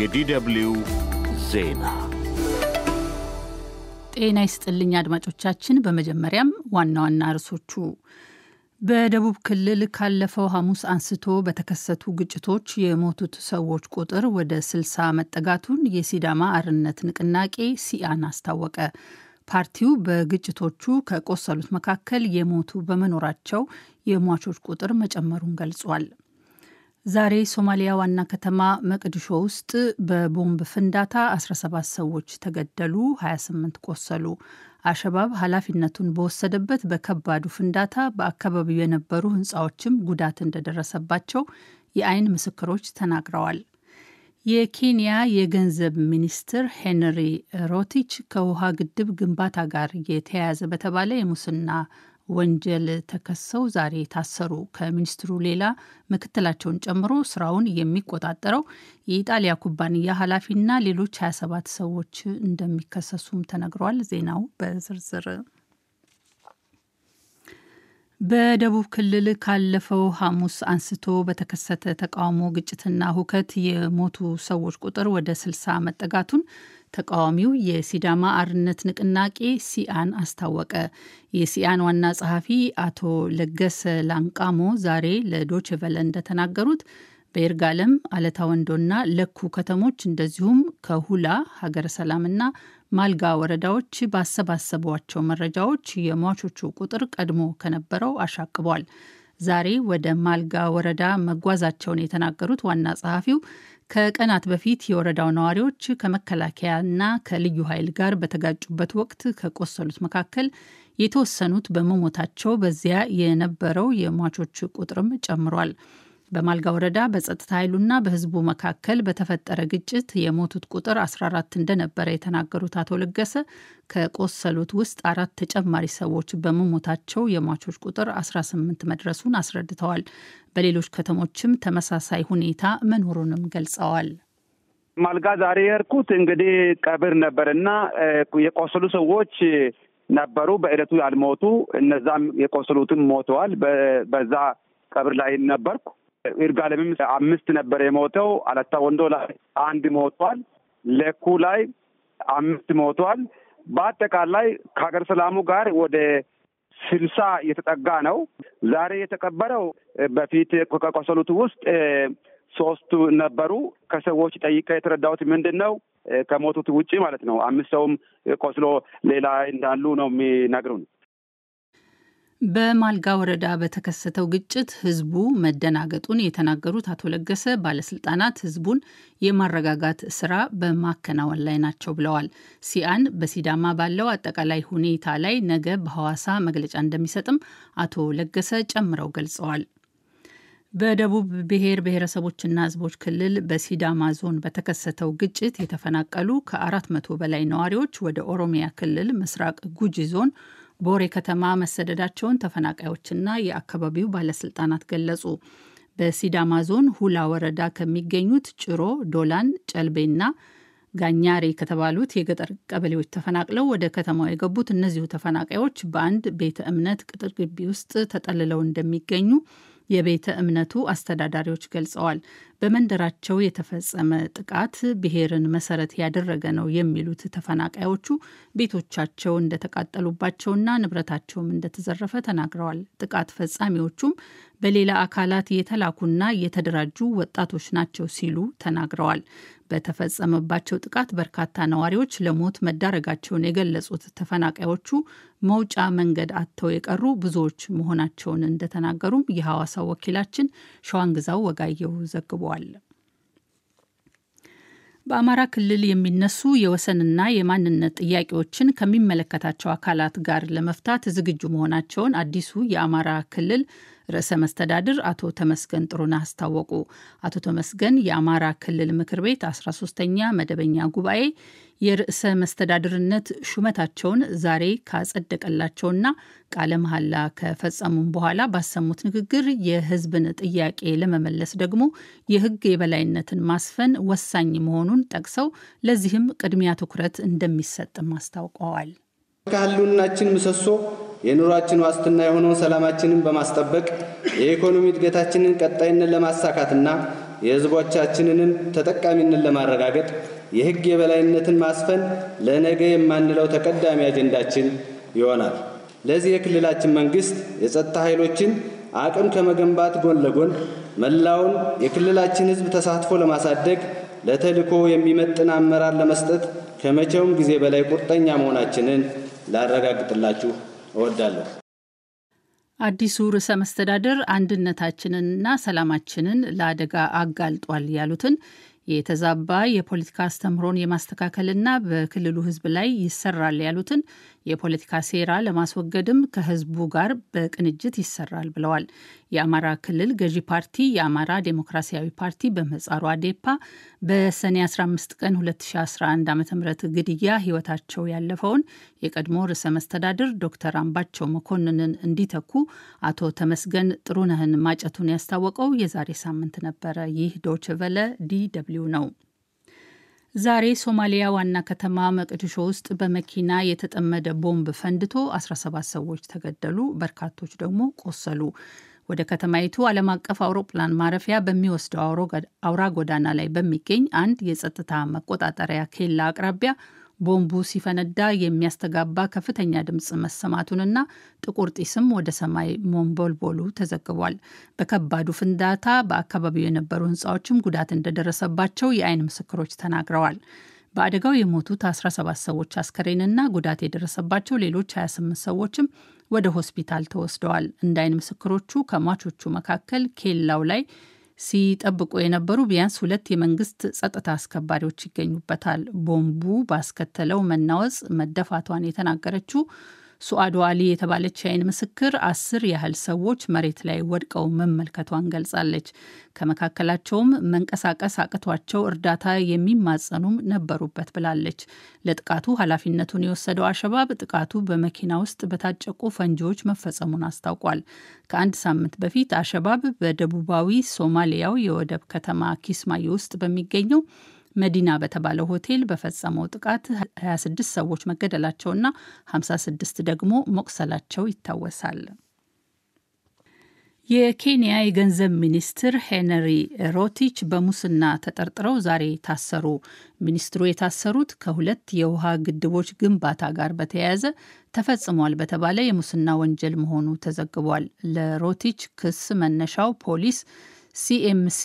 የዲደብልዩ ዜና ጤና ይስጥልኝ አድማጮቻችን። በመጀመሪያም ዋና ዋና እርሶቹ በደቡብ ክልል ካለፈው ሐሙስ አንስቶ በተከሰቱ ግጭቶች የሞቱት ሰዎች ቁጥር ወደ 60 መጠጋቱን የሲዳማ አርነት ንቅናቄ ሲአን አስታወቀ። ፓርቲው በግጭቶቹ ከቆሰሉት መካከል የሞቱ በመኖራቸው የሟቾች ቁጥር መጨመሩን ገልጿል። ዛሬ ሶማሊያ ዋና ከተማ መቅድሾ ውስጥ በቦምብ ፍንዳታ 17 ሰዎች ተገደሉ፣ 28 ቆሰሉ። አሸባብ ኃላፊነቱን በወሰደበት በከባዱ ፍንዳታ በአካባቢው የነበሩ ህንፃዎችም ጉዳት እንደደረሰባቸው የአይን ምስክሮች ተናግረዋል። የኬንያ የገንዘብ ሚኒስትር ሄንሪ ሮቲች ከውሃ ግድብ ግንባታ ጋር የተያያዘ በተባለ የሙስና ወንጀል ተከሰው ዛሬ ታሰሩ። ከሚኒስትሩ ሌላ ምክትላቸውን ጨምሮ ስራውን የሚቆጣጠረው የኢጣሊያ ኩባንያ ኃላፊና ሌሎች 27 ሰዎች እንደሚከሰሱም ተነግረዋል። ዜናው በዝርዝር በደቡብ ክልል ካለፈው ሐሙስ አንስቶ በተከሰተ ተቃውሞ ግጭትና ሁከት የሞቱ ሰዎች ቁጥር ወደ ስልሳ መጠጋቱን ተቃዋሚው የሲዳማ አርነት ንቅናቄ ሲአን አስታወቀ። የሲአን ዋና ጸሐፊ አቶ ለገሰ ላንቃሞ ዛሬ ለዶች እንደተናገሩት በይርጋለም፣ አለታ ወንዶና ለኩ ከተሞች እንደዚሁም ከሁላ ሀገረ ሰላምና ማልጋ ወረዳዎች ባሰባሰቧቸው መረጃዎች የሟቾቹ ቁጥር ቀድሞ ከነበረው አሻቅቧል። ዛሬ ወደ ማልጋ ወረዳ መጓዛቸውን የተናገሩት ዋና ጸሐፊው ከቀናት በፊት የወረዳው ነዋሪዎች ከመከላከያና ከልዩ ኃይል ጋር በተጋጩበት ወቅት ከቆሰሉት መካከል የተወሰኑት በመሞታቸው በዚያ የነበረው የሟቾች ቁጥርም ጨምሯል። በማልጋ ወረዳ በጸጥታ ኃይሉና በህዝቡ መካከል በተፈጠረ ግጭት የሞቱት ቁጥር 14 እንደነበረ የተናገሩት አቶ ለገሰ ከቆሰሉት ውስጥ አራት ተጨማሪ ሰዎች በመሞታቸው የሟቾች ቁጥር 18 መድረሱን አስረድተዋል። በሌሎች ከተሞችም ተመሳሳይ ሁኔታ መኖሩንም ገልጸዋል። ማልጋ ዛሬ የርኩት እንግዲህ ቀብር ነበር የቆሰሉ ሰዎች ነበሩ። በእለቱ ያልሞቱ እነዛም የቆሰሉትም ሞተዋል። በዛ ቀብር ላይ ነበርኩ። ይርጋለምም አምስት ነበር የሞተው። አለታ ወንዶ ላይ አንድ ሞቷል። ለኩ ላይ አምስት ሞቷል። በአጠቃላይ ከሀገር ሰላሙ ጋር ወደ ስልሳ እየተጠጋ ነው። ዛሬ የተቀበረው በፊት ከቆሰሉት ውስጥ ሶስቱ ነበሩ። ከሰዎች ጠይቀ የተረዳሁት ምንድን ነው ከሞቱት ውጭ ማለት ነው። አምስት ሰውም ቆስሎ ሌላ እንዳሉ ነው የሚነግሩን። በማልጋ ወረዳ በተከሰተው ግጭት ህዝቡ መደናገጡን የተናገሩት አቶ ለገሰ ባለስልጣናት ህዝቡን የማረጋጋት ስራ በማከናወን ላይ ናቸው ብለዋል። ሲአን በሲዳማ ባለው አጠቃላይ ሁኔታ ላይ ነገ በሐዋሳ መግለጫ እንደሚሰጥም አቶ ለገሰ ጨምረው ገልጸዋል። በደቡብ ብሔር ብሔረሰቦችና ህዝቦች ክልል በሲዳማ ዞን በተከሰተው ግጭት የተፈናቀሉ ከአራት መቶ በላይ ነዋሪዎች ወደ ኦሮሚያ ክልል ምስራቅ ጉጂ ዞን ቦሬ ከተማ መሰደዳቸውን ተፈናቃዮችና የአካባቢው ባለስልጣናት ገለጹ። በሲዳማ ዞን ሁላ ወረዳ ከሚገኙት ጭሮ፣ ዶላን፣ ጨልቤና ጋኛሬ ከተባሉት የገጠር ቀበሌዎች ተፈናቅለው ወደ ከተማው የገቡት እነዚሁ ተፈናቃዮች በአንድ ቤተ እምነት ቅጥር ግቢ ውስጥ ተጠልለው እንደሚገኙ የቤተ እምነቱ አስተዳዳሪዎች ገልጸዋል። በመንደራቸው የተፈጸመ ጥቃት ብሔርን መሰረት ያደረገ ነው የሚሉት ተፈናቃዮቹ ቤቶቻቸው እንደተቃጠሉባቸውና ንብረታቸውም እንደተዘረፈ ተናግረዋል። ጥቃት ፈጻሚዎቹም በሌላ አካላት የተላኩና የተደራጁ ወጣቶች ናቸው ሲሉ ተናግረዋል። በተፈጸመባቸው ጥቃት በርካታ ነዋሪዎች ለሞት መዳረጋቸውን የገለጹት ተፈናቃዮቹ መውጫ መንገድ አጥተው የቀሩ ብዙዎች መሆናቸውን እንደተናገሩም የሐዋሳው ወኪላችን ሸዋንግዛው ወጋየው ዘግቧል። በአማራ ክልል የሚነሱ የወሰንና የማንነት ጥያቄዎችን ከሚመለከታቸው አካላት ጋር ለመፍታት ዝግጁ መሆናቸውን አዲሱ የአማራ ክልል ርዕሰ መስተዳድር አቶ ተመስገን ጥሩና አስታወቁ። አቶ ተመስገን የአማራ ክልል ምክር ቤት 13 ተኛ መደበኛ ጉባኤ የርዕሰ መስተዳድርነት ሹመታቸውን ዛሬ ካጸደቀላቸውና ቃለ መሐላ ከፈጸሙም በኋላ ባሰሙት ንግግር የሕዝብን ጥያቄ ለመመለስ ደግሞ የሕግ የበላይነትን ማስፈን ወሳኝ መሆኑን ጠቅሰው ለዚህም ቅድሚያ ትኩረት እንደሚሰጥም አስታውቀዋል። ከህልውናችን ምሰሶ የኑሯችን ዋስትና የሆነውን ሰላማችንን በማስጠበቅ የኢኮኖሚ እድገታችንን ቀጣይነት ለማሳካትና የሕዝቦቻችንንም ተጠቃሚነት ለማረጋገጥ የሕግ የበላይነትን ማስፈን ለነገ የማንለው ተቀዳሚ አጀንዳችን ይሆናል። ለዚህ የክልላችን መንግስት የጸጥታ ኃይሎችን አቅም ከመገንባት ጎን ለጎን መላውን የክልላችን ሕዝብ ተሳትፎ ለማሳደግ ለተልኮ የሚመጥን አመራር ለመስጠት ከመቼውም ጊዜ በላይ ቁርጠኛ መሆናችንን ላረጋግጥላችሁ እወዳለሁ። አዲሱ ርዕሰ መስተዳድር አንድነታችንንና ሰላማችንን ለአደጋ አጋልጧል ያሉትን የተዛባ የፖለቲካ አስተምህሮን የማስተካከልና በክልሉ ሕዝብ ላይ ይሰራል ያሉትን የፖለቲካ ሴራ ለማስወገድም ከህዝቡ ጋር በቅንጅት ይሰራል ብለዋል። የአማራ ክልል ገዢ ፓርቲ የአማራ ዴሞክራሲያዊ ፓርቲ በመጻሩ አዴፓ በሰኔ 15 ቀን 2011 ዓ ም ግድያ ህይወታቸው ያለፈውን የቀድሞ ርዕሰ መስተዳድር ዶክተር አምባቸው መኮንንን እንዲተኩ አቶ ተመስገን ጥሩነህን ማጨቱን ያስታወቀው የዛሬ ሳምንት ነበረ። ይህ ዶችቨለ ዲ ደብልዩ ነው። ዛሬ ሶማሊያ ዋና ከተማ መቅድሾ ውስጥ በመኪና የተጠመደ ቦምብ ፈንድቶ 17 ሰዎች ተገደሉ፣ በርካቶች ደግሞ ቆሰሉ። ወደ ከተማይቱ ዓለም አቀፍ አውሮፕላን ማረፊያ በሚወስደው አውራ ጎዳና ላይ በሚገኝ አንድ የጸጥታ መቆጣጠሪያ ኬላ አቅራቢያ ቦምቡ ሲፈነዳ የሚያስተጋባ ከፍተኛ ድምፅ መሰማቱንና ጥቁር ጢስም ወደ ሰማይ መንቦልቦሉ ተዘግቧል። በከባዱ ፍንዳታ በአካባቢው የነበሩ ህንፃዎችም ጉዳት እንደደረሰባቸው የአይን ምስክሮች ተናግረዋል። በአደጋው የሞቱት 17 ሰዎች አስከሬንና ጉዳት የደረሰባቸው ሌሎች 28 ሰዎችም ወደ ሆስፒታል ተወስደዋል። እንደ አይን ምስክሮቹ ከሟቾቹ መካከል ኬላው ላይ ሲጠብቁ የነበሩ ቢያንስ ሁለት የመንግስት ጸጥታ አስከባሪዎች ይገኙበታል። ቦምቡ ባስከተለው መናወጽ መደፋቷን የተናገረችው ሱአዶ አሊ የተባለች የአይን ምስክር አስር ያህል ሰዎች መሬት ላይ ወድቀው መመልከቷን ገልጻለች። ከመካከላቸውም መንቀሳቀስ አቅቷቸው እርዳታ የሚማጸኑም ነበሩበት ብላለች። ለጥቃቱ ኃላፊነቱን የወሰደው አሸባብ ጥቃቱ በመኪና ውስጥ በታጨቁ ፈንጂዎች መፈጸሙን አስታውቋል። ከአንድ ሳምንት በፊት አሸባብ በደቡባዊ ሶማሊያው የወደብ ከተማ ኪስማዩ ውስጥ በሚገኘው መዲና በተባለው ሆቴል በፈጸመው ጥቃት 26 ሰዎች መገደላቸውና 56 ደግሞ መቁሰላቸው ይታወሳል። የኬንያ የገንዘብ ሚኒስትር ሄነሪ ሮቲች በሙስና ተጠርጥረው ዛሬ ታሰሩ። ሚኒስትሩ የታሰሩት ከሁለት የውሃ ግድቦች ግንባታ ጋር በተያያዘ ተፈጽሟል በተባለ የሙስና ወንጀል መሆኑ ተዘግቧል። ለሮቲች ክስ መነሻው ፖሊስ ሲኤምሲ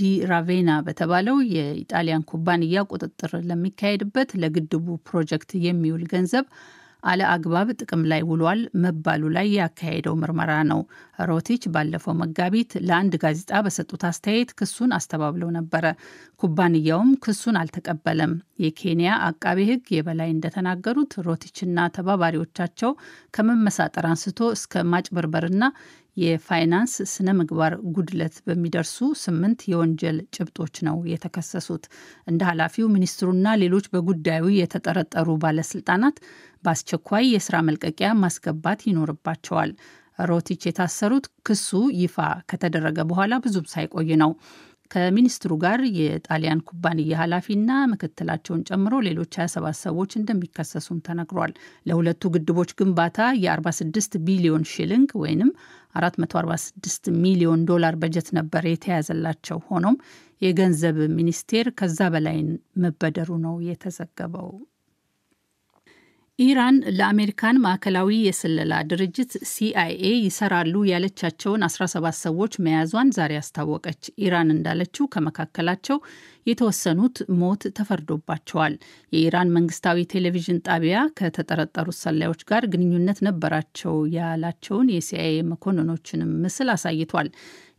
ዲ ራቬና በተባለው የኢጣሊያን ኩባንያ ቁጥጥር ለሚካሄድበት ለግድቡ ፕሮጀክት የሚውል ገንዘብ አለ አግባብ ጥቅም ላይ ውሏል መባሉ ላይ ያካሄደው ምርመራ ነው። ሮቲች ባለፈው መጋቢት ለአንድ ጋዜጣ በሰጡት አስተያየት ክሱን አስተባብለው ነበረ። ኩባንያውም ክሱን አልተቀበለም። የኬንያ አቃቤ ሕግ የበላይ እንደተናገሩት ሮቲችና ተባባሪዎቻቸው ከመመሳጠር አንስቶ እስከ ማጭበርበርና የፋይናንስ ስነ ምግባር ጉድለት በሚደርሱ ስምንት የወንጀል ጭብጦች ነው የተከሰሱት። እንደ ኃላፊው ሚኒስትሩና ሌሎች በጉዳዩ የተጠረጠሩ ባለስልጣናት በአስቸኳይ የስራ መልቀቂያ ማስገባት ይኖርባቸዋል። ሮቲች የታሰሩት ክሱ ይፋ ከተደረገ በኋላ ብዙም ሳይቆይ ነው። ከሚኒስትሩ ጋር የጣሊያን ኩባንያ ኃላፊና ምክትላቸውን ጨምሮ ሌሎች 27 ሰዎች እንደሚከሰሱም ተነግሯል። ለሁለቱ ግድቦች ግንባታ የ46 ቢሊዮን ሺሊንግ ወይም 446 ሚሊዮን ዶላር በጀት ነበር የተያዘላቸው። ሆኖም የገንዘብ ሚኒስቴር ከዛ በላይ መበደሩ ነው የተዘገበው። ኢራን ለአሜሪካን ማዕከላዊ የስለላ ድርጅት ሲአይኤ ይሰራሉ ያለቻቸውን 17 ሰዎች መያዟን ዛሬ አስታወቀች። ኢራን እንዳለችው ከመካከላቸው የተወሰኑት ሞት ተፈርዶባቸዋል። የኢራን መንግስታዊ ቴሌቪዥን ጣቢያ ከተጠረጠሩት ሰላዮች ጋር ግንኙነት ነበራቸው ያላቸውን የሲአይኤ መኮንኖችንም ምስል አሳይቷል።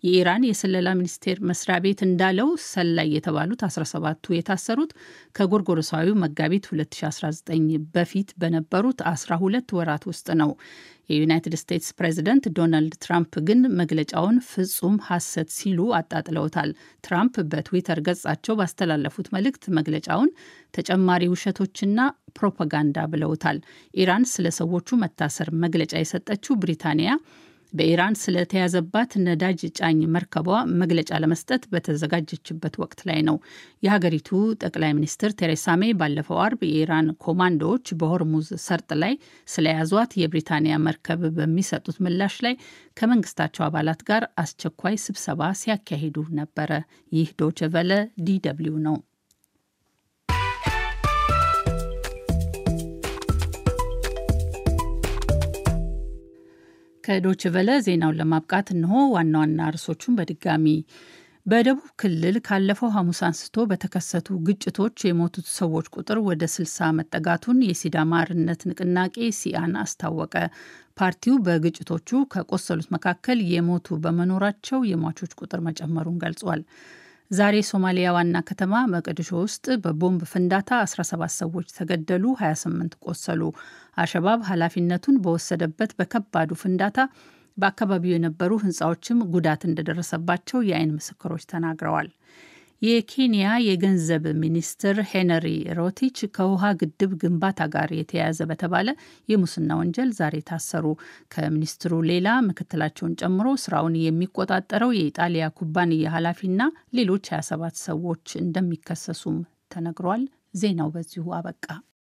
የኢራን የስለላ ሚኒስቴር መስሪያ ቤት እንዳለው ሰላይ የተባሉት 17ቱ የታሰሩት ከጎርጎሮሳዊው መጋቢት 2019 በፊት በነበሩት 12 ወራት ውስጥ ነው። የዩናይትድ ስቴትስ ፕሬዝደንት ዶናልድ ትራምፕ ግን መግለጫውን ፍጹም ሐሰት ሲሉ አጣጥለውታል። ትራምፕ በትዊተር ገጻቸው ባስተላለፉት መልእክት መግለጫውን ተጨማሪ ውሸቶችና ፕሮፓጋንዳ ብለውታል። ኢራን ስለ ሰዎቹ መታሰር መግለጫ የሰጠችው ብሪታንያ በኢራን ስለተያዘባት ነዳጅ ጫኝ መርከቧ መግለጫ ለመስጠት በተዘጋጀችበት ወቅት ላይ ነው። የሀገሪቱ ጠቅላይ ሚኒስትር ቴሬሳ ሜይ ባለፈው አርብ የኢራን ኮማንዶዎች በሆርሙዝ ሰርጥ ላይ ስለያዟት የብሪታንያ መርከብ በሚሰጡት ምላሽ ላይ ከመንግስታቸው አባላት ጋር አስቸኳይ ስብሰባ ሲያካሂዱ ነበረ። ይህ ዶቸቨለ ዲ ደብልዩ ነው። ከዶች ቨለ ዜናውን ለማብቃት እንሆ ዋና ዋና ርዕሶቹን በድጋሚ በደቡብ ክልል ካለፈው ሐሙስ አንስቶ በተከሰቱ ግጭቶች የሞቱት ሰዎች ቁጥር ወደ ስልሳ መጠጋቱን የሲዳማ አርነት ንቅናቄ ሲአን አስታወቀ። ፓርቲው በግጭቶቹ ከቆሰሉት መካከል የሞቱ በመኖራቸው የሟቾች ቁጥር መጨመሩን ገልጿል። ዛሬ ሶማሊያ ዋና ከተማ መቀድሾ ውስጥ በቦምብ ፍንዳታ 17 ሰዎች ተገደሉ፣ 28 ቆሰሉ። አሸባብ ኃላፊነቱን በወሰደበት በከባዱ ፍንዳታ በአካባቢው የነበሩ ህንፃዎችም ጉዳት እንደደረሰባቸው የአይን ምስክሮች ተናግረዋል። የኬንያ የገንዘብ ሚኒስትር ሄነሪ ሮቲች ከውሃ ግድብ ግንባታ ጋር የተያያዘ በተባለ የሙስና ወንጀል ዛሬ ታሰሩ። ከሚኒስትሩ ሌላ ምክትላቸውን ጨምሮ ስራውን የሚቆጣጠረው የኢጣሊያ ኩባንያ ኃላፊና ሌሎች 27 ሰዎች እንደሚከሰሱም ተነግሯል። ዜናው በዚሁ አበቃ።